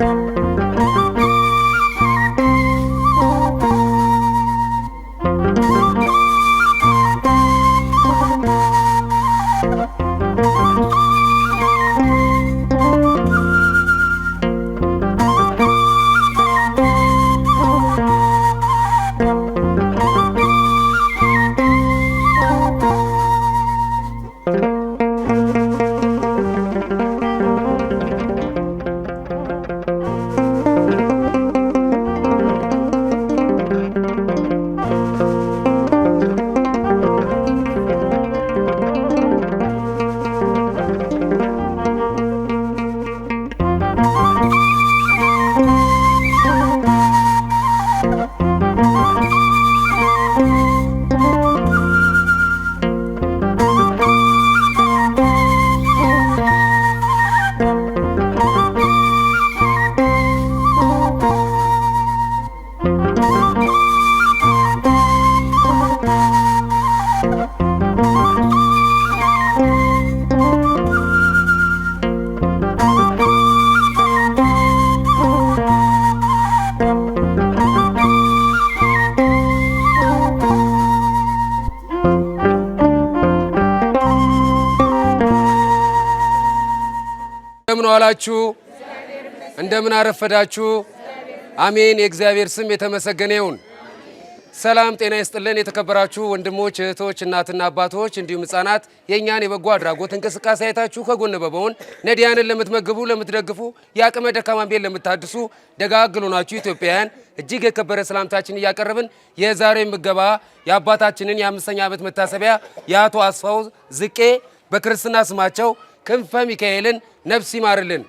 you እንደምን ዋላችሁ? እንደምን አረፈዳችሁ? አሜን። የእግዚአብሔር ስም የተመሰገነ ይሁን። ሰላም ጤና ይስጥልን። የተከበራችሁ ወንድሞች እህቶች፣ እናትና አባቶች እንዲሁም ህጻናት የእኛን የበጎ አድራጎት እንቅስቃሴ አይታችሁ ከጎን በመሆን ነዳያንን ለምትመግቡ፣ ለምትደግፉ፣ የአቅመ ደካማን ቤት ለምታድሱ ደጋግሎናችሁ ኢትዮጵያውያን እጅግ የከበረ ሰላምታችን እያቀረብን የዛሬ ምገባ የአባታችንን የአምስተኛ ዓመት መታሰቢያ የአቶ አስፋው ዝቄ በክርስትና ስማቸው ክንፈ ሚካኤልን ነፍስ ይማርልን፣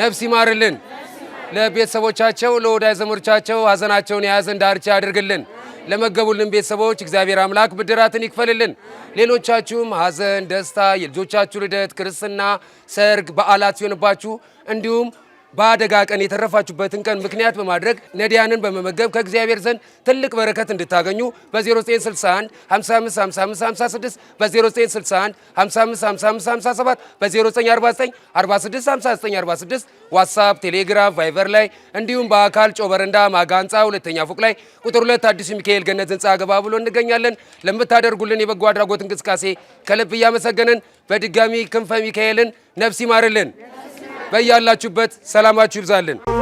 ነፍስ ይማርልን። ለቤተሰቦቻቸው ለወዳጅ ዘመዶቻቸው ሀዘናቸውን የያዘን ዳርቻ ያድርግልን። ለመገቡልን ቤተሰቦች እግዚአብሔር አምላክ ብድራትን ይክፈልልን። ሌሎቻችሁም ሀዘን፣ ደስታ፣ የልጆቻችሁ ልደት፣ ክርስትና፣ ሰርግ፣ በዓላት ሲሆንባችሁ እንዲሁም በአደጋ ቀን የተረፋችሁበትን ቀን ምክንያት በማድረግ ነዳያንን በመመገብ ከእግዚአብሔር ዘንድ ትልቅ በረከት እንድታገኙ በ0961 555556 በ0961 555557 በ0949 ዋትሳፕ፣ ቴሌግራም፣ ቫይቨር ላይ እንዲሁም በአካል ጮ በረንዳ ማጋ ህንፃ ሁለተኛ ፎቅ ላይ ቁጥር ሁለት አዲሱ ሚካኤል ገነት ህንፃ ገባ ብሎ እንገኛለን። ለምታደርጉልን የበጎ አድራጎት እንቅስቃሴ ከልብ እያመሰገንን በድጋሚ ክንፈ ሚካኤልን ነፍስ ይማርልን። በያላችሁበት ሰላማችሁ ይብዛልን።